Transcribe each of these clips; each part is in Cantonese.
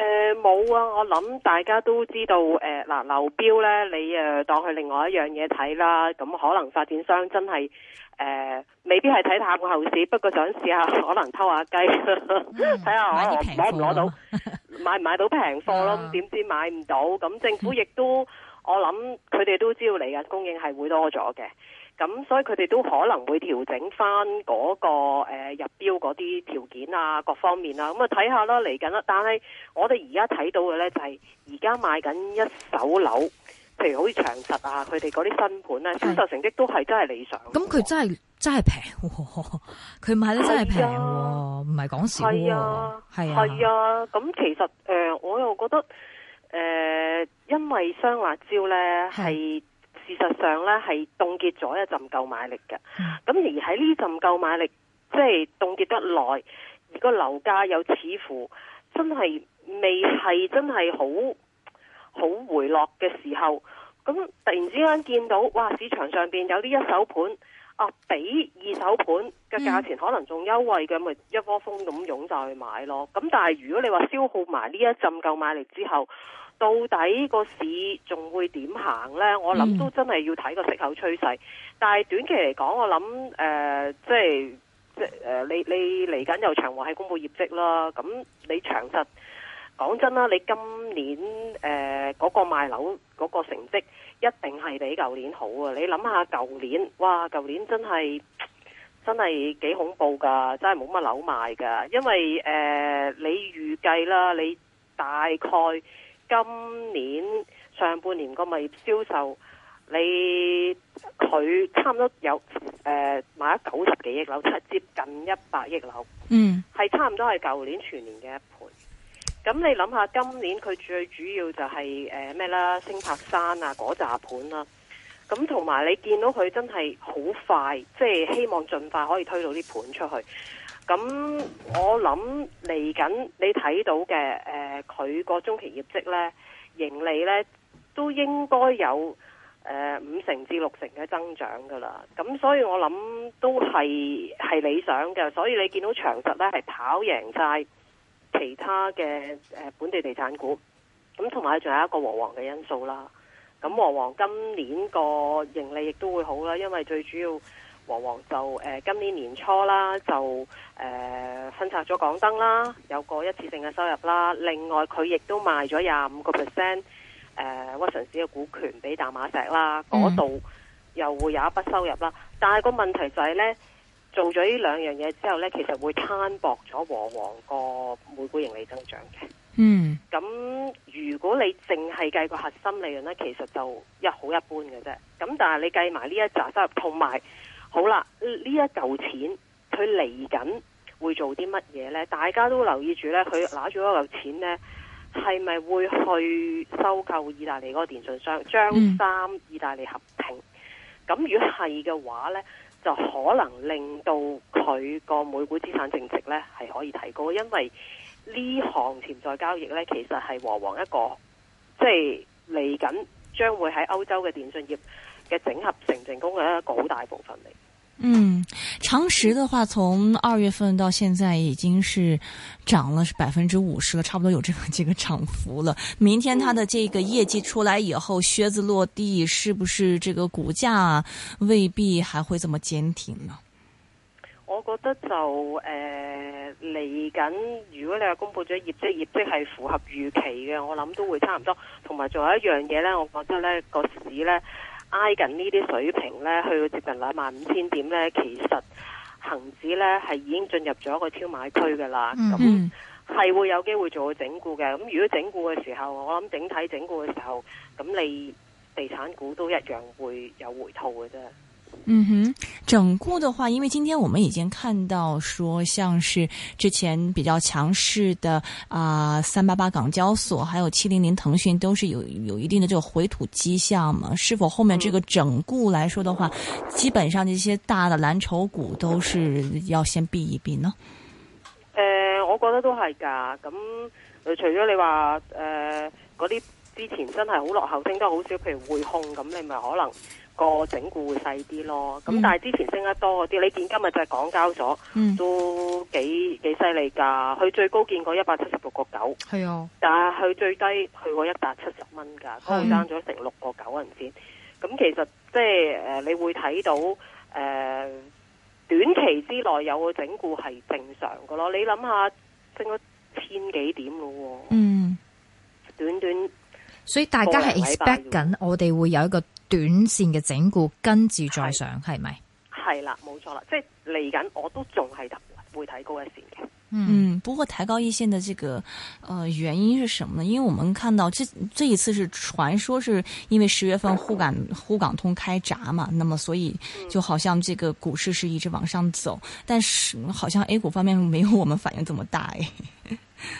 誒，冇、呃、啊！我諗大家都知道，誒、呃、嗱，流、啊、標呢，你誒、啊、當佢另外一樣嘢睇啦。咁可能發展商真係誒、呃，未必係睇淡後市，不過想試下，可能偷下雞，睇下、嗯、我攞唔攞到，買唔買到平貨咯？點知買唔到？咁政府亦都，我諗佢哋都知道嚟嘅，供應係會多咗嘅。咁所以佢哋都可能會調整翻、那、嗰個、呃、入標嗰啲條件啊，各方面啦、啊，咁啊睇下啦，嚟緊啦。但係我哋而家睇到嘅呢，就係而家買緊一手樓，譬如好似長實啊，佢哋嗰啲新盤啊，銷售是成績都係真係理想。咁佢真係真係平、哦，佢買得真係平、哦，唔係講笑。係啊，係啊，咁其實誒、呃，我又覺得誒、呃，因為雙辣招呢，係。事實上呢，係凍結咗一陣購買力嘅，咁而喺呢陣購買力即係凍結得耐，而個樓價又似乎真係未係真係好好回落嘅時候，咁突然之間見到哇，市場上邊有啲一手盤啊，比二手盤嘅價錢可能仲優惠嘅，咪、嗯、一窩蜂咁湧曬去買咯。咁但係如果你話消耗埋呢一陣購買力之後，到底個市仲會點行呢？我諗都真係要睇個息口趨勢，嗯、但係短期嚟講，我諗、呃、即係即係、呃、你你嚟緊又長和係公布業績啦。咁你長實講真啦，你今年誒嗰、呃個賣樓嗰、個成績一定係比舊年好啊！你諗下，舊年哇，舊年真係真係幾恐怖㗎，真係冇乜樓賣㗎，因為誒、呃、你預計啦，你大概。今年上半年個物業銷售，你佢差唔多有誒、呃、買咗九十幾億樓，即係、就是、接近一百億樓，嗯，係差唔多係舊年全年嘅一盤。咁你諗下，今年佢最主要就係誒咩啦，星柏山啊，嗰紮盤啦，咁同埋你見到佢真係好快，即、就、係、是、希望盡快可以推到啲盤出去。咁我諗嚟緊你睇到嘅，誒、呃，佢個中期業績呢，盈利呢都應該有誒、呃、五成至六成嘅增長噶啦。咁所以我諗都係係理想嘅。所以你見到長實呢係跑贏晒其他嘅、呃、本地地產股。咁同埋仲有一個和黃嘅因素啦。咁和黃，黃今年個盈利亦都會好啦，因為最主要。和黃就誒、呃，今年年初啦，就誒分拆咗港燈啦，有個一次性嘅收入啦。另外佢亦都賣咗廿五個 percent 誒屈臣氏嘅股權俾大馬石啦，嗰度，嗯、又會有一筆收入啦。但係個問題就係咧，做咗呢兩樣嘢之後咧，其實會攤薄咗和黃個每股盈利增長嘅。嗯，咁如果你淨係計個核心利潤咧，其實就一好一般嘅啫。咁但係你計埋呢一扎收入同埋，好啦，呢一嚿錢佢嚟緊會做啲乜嘢呢？大家都留意住呢，佢拿住嗰嚿錢呢，係咪會去收購意大利嗰個電信商張三？意大利合併？咁如果係嘅話呢，就可能令到佢個每股資產淨值呢係可以提高，因為呢項潛在交易呢，其實係和黃，黃一個即係嚟緊將會喺歐洲嘅電信業。嘅整合成唔成功嘅一個好大部分嚟。嗯，長實的話，從二月份到現在已經是漲了百分之五十了，差不多有這個這個漲幅了。明天它的這個業績出來以後，嗯、靴子落地，是不是這個股價未必還會這麼堅挺呢、呃、呢？我覺得就誒嚟緊，如果你話公布咗業績，業績係符合預期嘅，我諗都會差唔多。同埋仲有一樣嘢咧，我覺得咧個市咧。挨近呢啲水平咧，去到接近兩萬五千點咧，其實恆指咧係已經進入咗一個超買區噶啦，咁係、嗯、哼會有機會做整固嘅。咁如果整固嘅時候，我諗整體整固嘅時候，咁你地產股都一樣會有回吐嘅啫。嗯哼，整固的話，因為今天我們已經看到說，像是之前比較強勢的啊，三八八港交所，還有七零零騰訊，都是有有一定的這個回吐跡象嘛。是否後面這個整固來說的話，嗯、基本上這些大的藍籌股都是要先避一避呢？誒、呃，我覺得都係噶。咁，除咗你話誒，嗰、呃、啲。之前真係好落後，升得好少。譬如匯控咁，你咪可能個整固會細啲咯。咁、嗯、但係之前升得多嗰啲，你見今日就係港交咗，嗯、都幾幾犀利噶。佢最高見過一百七十六個九，係啊，但係佢最低去過一百七十蚊噶，佢爭咗成六個九人先。咁其實即係誒，你會睇到誒、呃、短期之內有個整固係正常嘅咯。你諗下，升咗千幾點咯。嗯，短短。所以大家係 expect 緊，我哋會有一個短線嘅整固，跟住再上，根住在上係咪？係啦，冇錯啦，即係嚟緊我都仲係唔會睇高一線嘅。嗯，不過睇高一線嘅這個，呃，原因是什麼呢？因為我們看到這這一次是傳說是因為十月份滬港滬、嗯、港通開閘嘛，那麼所以就好像這個股市是一直往上走，嗯、但是好像 A 股方面沒有我們反應這麼大誒、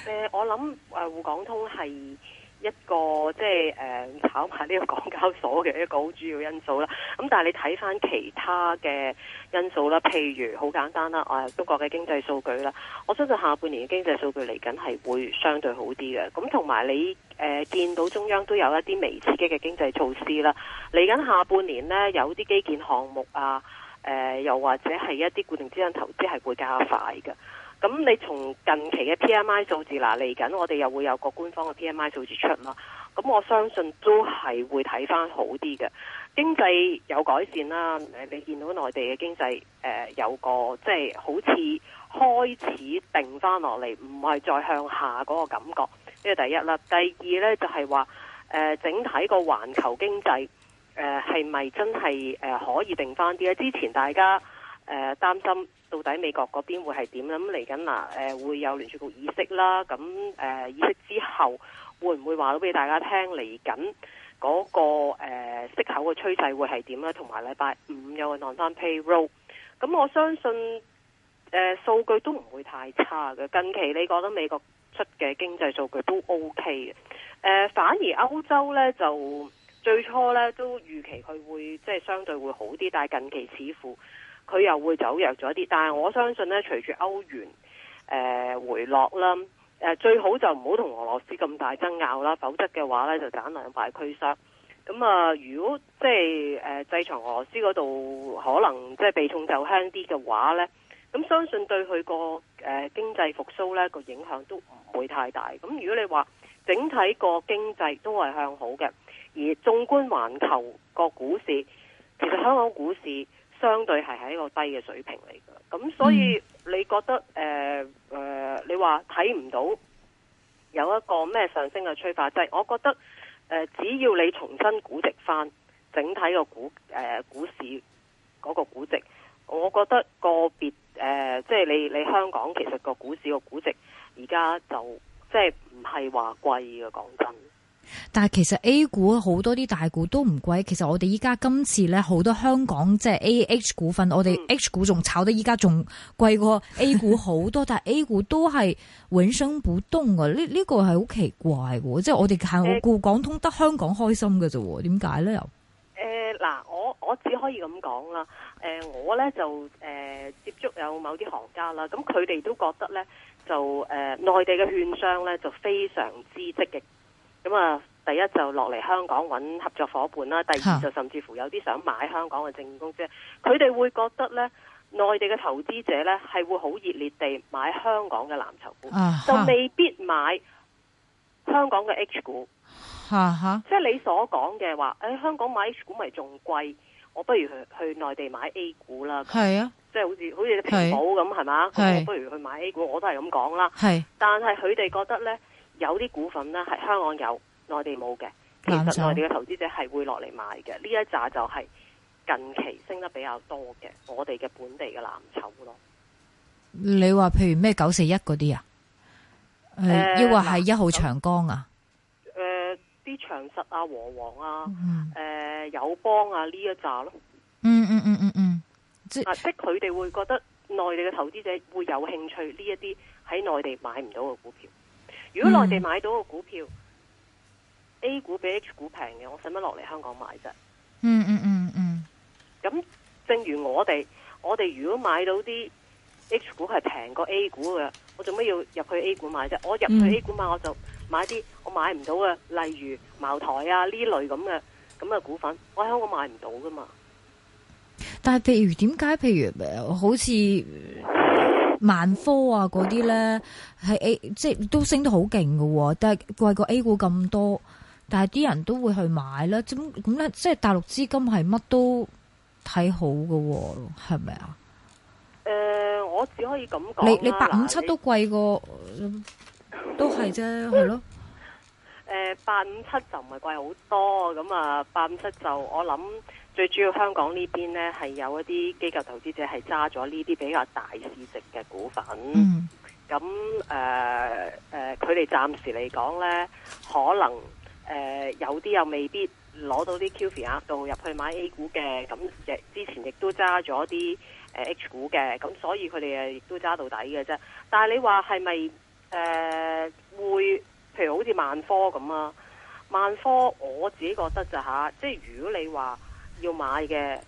呃，我諗誒、滬、呃、港通係。一個即係誒、嗯、炒埋呢個港交所嘅一個好主要嘅因素啦。咁、嗯、但係你睇返其他嘅因素啦，譬如好簡單啦，我係中國嘅經濟數據啦。我相信下半年嘅經濟數據嚟緊係會相對好啲嘅。咁同埋你誒見到中央都有一啲微刺激嘅經濟措施啦。嚟緊下，下半年呢，有啲基建項目啊，誒、呃、又或者係一啲固定資產投資係會加快嘅。咁你從近期嘅 PMI 數字嗱嚟緊，我哋又會有個官方嘅 PMI 數字出咯。咁我相信都係會睇翻好啲嘅經濟有改善啦、啊。你見到內地嘅經濟、呃、有個即係、就是、好似開始定翻落嚟，唔係再向下嗰個感覺。呢個第一啦，第二呢，就係、是、話、呃、整體個環球經濟係咪真係、呃、可以定翻啲呢？之前大家。誒、呃、擔心到底美國嗰邊會係點啦？咁嚟緊嗱，會有聯儲局議息啦。咁誒議息之後，會唔會話到俾大家聽嚟緊嗰個、呃、息口嘅趨勢會係點咧？同埋禮拜五有個 non-farm payroll。咁 pay 我相信誒、呃、數據都唔會太差嘅。近期你覺得美國出嘅經濟數據都 OK 嘅、呃。反而歐洲咧就最初咧都預期佢會即係相對會好啲，但係近期似乎。佢又會走弱咗啲，但係我相信呢，隨住歐元誒、呃、回落啦、呃，最好就唔好同俄羅斯咁大爭拗啦，否則嘅話呢，就盞兩敗俱傷。咁啊、呃，如果即係、呃、制裁俄羅斯嗰度可能即係避重就輕啲嘅話呢，咁相信對佢個誒經濟復甦呢個影響都唔會太大。咁如果你話整體個經濟都係向好嘅，而縱觀環球個股市，其實香港股市。相對係喺一個低嘅水平嚟嘅，咁所以你覺得誒誒、嗯呃，你話睇唔到有一個咩上升嘅催化劑？就係、我覺得誒、呃，只要你重新估值翻整體個股誒、呃、股市嗰個估值，我覺得個別誒、呃，即係你你香港其實個股市個估值而家就即係唔係話貴嘅，講真。但係其實 A 股好多啲大股都唔貴，其實我哋依家今次咧好多香港即係 A H 股份，我哋 H 股仲炒得依家仲貴過 A 股好多，嗯、但係 A 股都係永生不動啊！呢呢、 這個係好、這個、奇怪嘅，呃、即係我哋滬港通得香港開心嘅啫，點解咧又？誒嗱、呃，我我只可以咁講啦。誒、呃，我咧就誒、呃、接觸有某啲行家啦，咁佢哋都覺得咧就誒內、呃、地嘅券商咧就非常之積極。咁啊、嗯，第一就落嚟香港揾合作伙伴啦，第二就甚至乎有啲想買香港嘅證券公司，佢哋、啊、會覺得呢，內地嘅投資者呢，係會好熱烈地買香港嘅藍籌股，啊、就未必買香港嘅 H 股。啊啊、即係你所講嘅話、哎，香港買 H 股咪仲貴，我不如去去內地買 A 股啦。係啊，即係好似是好似啲平保咁係嘛？是我不如去買 A 股，我都係咁講啦。是但係佢哋覺得呢。有啲股份呢，係香港有內地冇嘅，其實內地嘅投資者係會落嚟買嘅。呢手一紮就係近期升得比較多嘅，我哋嘅本地嘅藍籌咯。你話譬如咩九四一嗰啲啊？誒、呃，抑或係一號長江、呃、長啊？誒，啲長實啊、和黃啊、誒友、嗯呃、邦啊呢一紮咯。嗯嗯嗯嗯嗯，即係、啊、即係佢哋會覺得內地嘅投資者會有興趣呢一啲喺內地買唔到嘅股票。如果內地買到個股票，嗯、A 股比 H 股平嘅，我使乜落嚟香港買啫，嗯？嗯嗯嗯嗯。咁正如我哋，我哋如果買到啲 H 股係平過 A 股嘅，我做咩要入去 A 股買啫？我入去 A 股買，我就買啲我買唔到嘅，例如茅台啊呢類咁嘅咁嘅股份，我喺香港買唔到噶嘛？但係譬如點解譬如好似？萬科啊呢，嗰啲咧係 A，即係都升得好勁噶，但係貴過 A 股咁多，但係啲人都會去買啦。咁咁咧，即係大陸資金係乜都睇好噶，係咪啊？誒、呃，我只可以咁講，你你八五七都貴過，你都係啫，係咯。誒、呃，八五七就唔係貴好多，咁啊，八五七就我諗。最主要香港呢邊呢，係有一啲機構投資者係揸咗呢啲比較大市值嘅股份。咁誒誒，佢哋暫時嚟講呢，可能誒、呃、有啲又未必攞到啲 QF 額度入去買 A 股嘅。咁亦之前亦都揸咗啲誒 H 股嘅。咁所以佢哋誒亦都揸到底嘅啫。但係你話係咪誒會？譬如好似萬科咁啊，萬科我自己覺得就吓、是？即係如果你話。要買嘅，誒、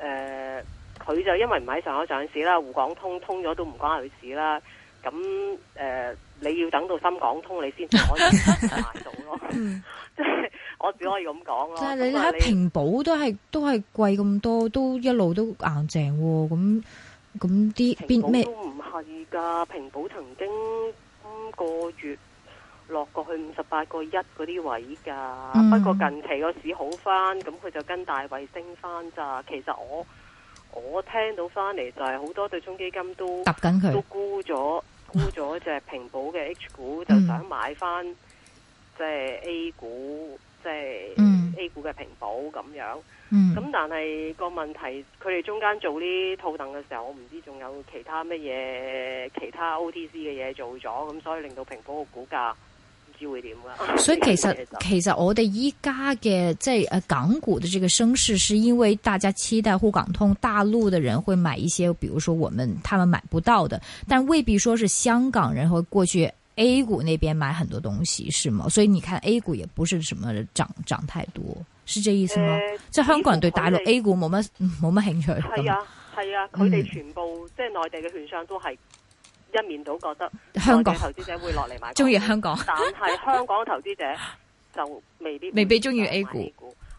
呃，佢就因為唔喺上海上市啦，滬港通通咗都唔關佢事啦。咁誒、呃，你要等到深港通你先可以買到咯。即係 我只可以咁講咯。但係你睇、嗯、你平保都係都係貴咁多，都一路都硬淨喎、啊。咁咁啲邊咩都唔係㗎。平保曾經個、嗯、月。落過去五十八個一嗰啲位㗎，嗯、不過近期個市好翻，咁佢就跟大衞升翻咋。其實我我聽到翻嚟就係好多對沖基金都揼緊佢，都沽咗沽咗隻平保嘅 H 股，嗯、就想買翻即係 A 股，即、就、係、是、A 股嘅平保咁樣。咁、嗯、但係個問題，佢哋中間做呢套戥嘅時候，我唔知仲有其他乜嘢其他 OTC 嘅嘢做咗，咁所以令到平保嘅股價。會 okay。所以其實其實我哋而家嘅即係港股的這個升勢，是因為大家期待滬港通，大陸的人會買一些，比如說我們他們買不到的，但未必說是香港人會過去 A 股那邊買很多東西，是嗎？所以你看 A 股也不是什麼漲漲太多，是這意思嗎？即係、呃、香港人對大陸 A 股冇乜冇乜興趣。係啊係啊，佢哋、啊嗯、全部即係內地嘅券商都係。一面都覺得資香，港香，港香港投資者會落嚟買，中意香港，但係香港投資者就未必未必中意 A 股。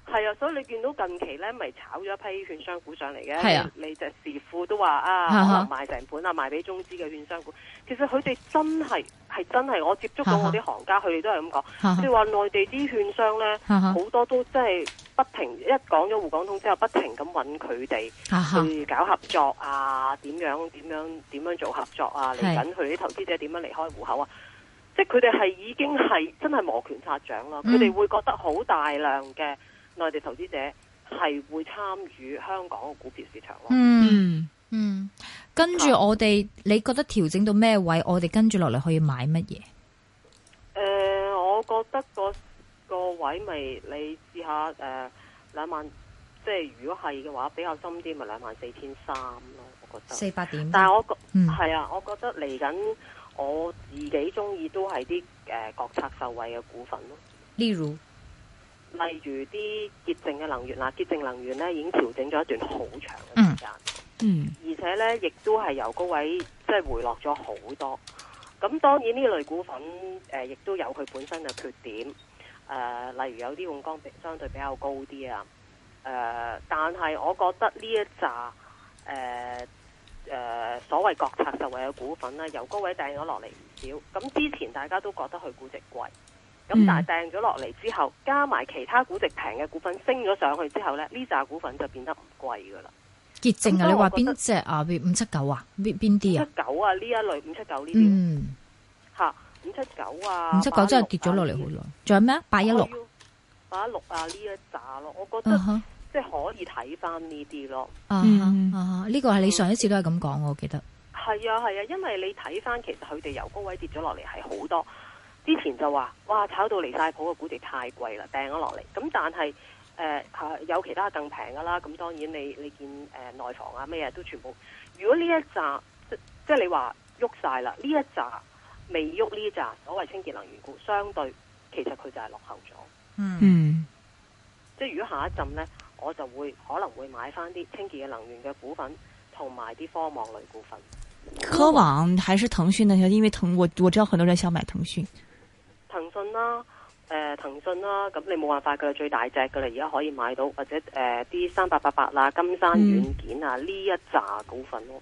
係啊，所以你見到近期咧，咪炒咗一批券商股上嚟嘅，你就時富都話啊，說啊賣成本啊，賣俾中資嘅券商股。其實佢哋真係係真係，我接觸到我啲行家，佢哋、啊、都係咁講，即係話內地啲券商咧，好、啊、多都真係。不停一講咗滬港通之後，不停咁揾佢哋去搞合作啊？點樣點樣點樣做合作啊？嚟緊佢啲投資者點樣離開戶口啊？是即係佢哋係已經係真係摩拳擦掌啦，佢哋、嗯、會覺得好大量嘅內地投資者係會參與香港嘅股票市場咯。嗯嗯，跟住我哋，你覺得調整到咩位？我哋跟住落嚟可以買乜嘢？誒、呃，我覺得個。個位咪、就是、你試下誒兩、呃、萬，即係如果係嘅話比較深啲咪兩萬四千三咯，我覺得四百點。但係我覺係、嗯、啊，我覺得嚟緊我自己中意都係啲誒國策受惠嘅股份咯。例如例如啲潔淨嘅能源啦，潔、啊、淨能源咧已經調整咗一段好長嘅時間、嗯，嗯，而且咧亦都係由高位即係、就是、回落咗好多。咁當然呢類股份誒亦、呃、都有佢本身嘅缺點。誒、呃，例如有啲用光比相對比較高啲啊！誒、呃，但係我覺得呢一扎誒誒所謂國策受惠嘅股份啦、啊、由高位掟咗落嚟唔少。咁之前大家都覺得佢估值貴，咁但係掟咗落嚟之後，加埋其他估值平嘅股份升咗上去之後咧，呢扎股份就變得唔貴㗎喇。結證啊！你話邊隻啊？五七九啊？邊邊啲啊？五七九啊？呢一類五七九呢啲嗯五七九啊，五七九真係跌咗落嚟好耐。仲有咩？八一六，八一六啊，呢一扎咯，我，啊、哈我覺得即係可以睇翻呢啲咯。啊呢、這個係你上一次都係咁講，我記得。係、嗯嗯、啊係啊，因為你睇翻，其實佢哋由高位跌咗落嚟係好多。之前就話哇，炒到離晒譜嘅估值太貴啦，掟咗落嚟。咁但係誒、呃呃，有其他更平㗎啦。咁當然你你見誒內、呃、房啊咩嘢都全部。如果呢一扎即即係你話喐晒啦，呢、就是、一扎。未喐呢扎，所謂清潔能源股，相對其實佢就係落後咗。嗯，即係如果下一陣呢，我就會可能會買翻啲清潔嘅能源嘅股份，同埋啲科網類股份。科網還是騰訊呢？因為騰，我我知道很多人想買騰訊。騰訊啦、啊，誒、呃、騰訊啦、啊，咁你冇辦法，佢係最大隻噶啦，而家可以買到，或者誒啲三八八八啦、呃、300, 800, 800, 金山軟件啊呢、嗯、一扎股份咯。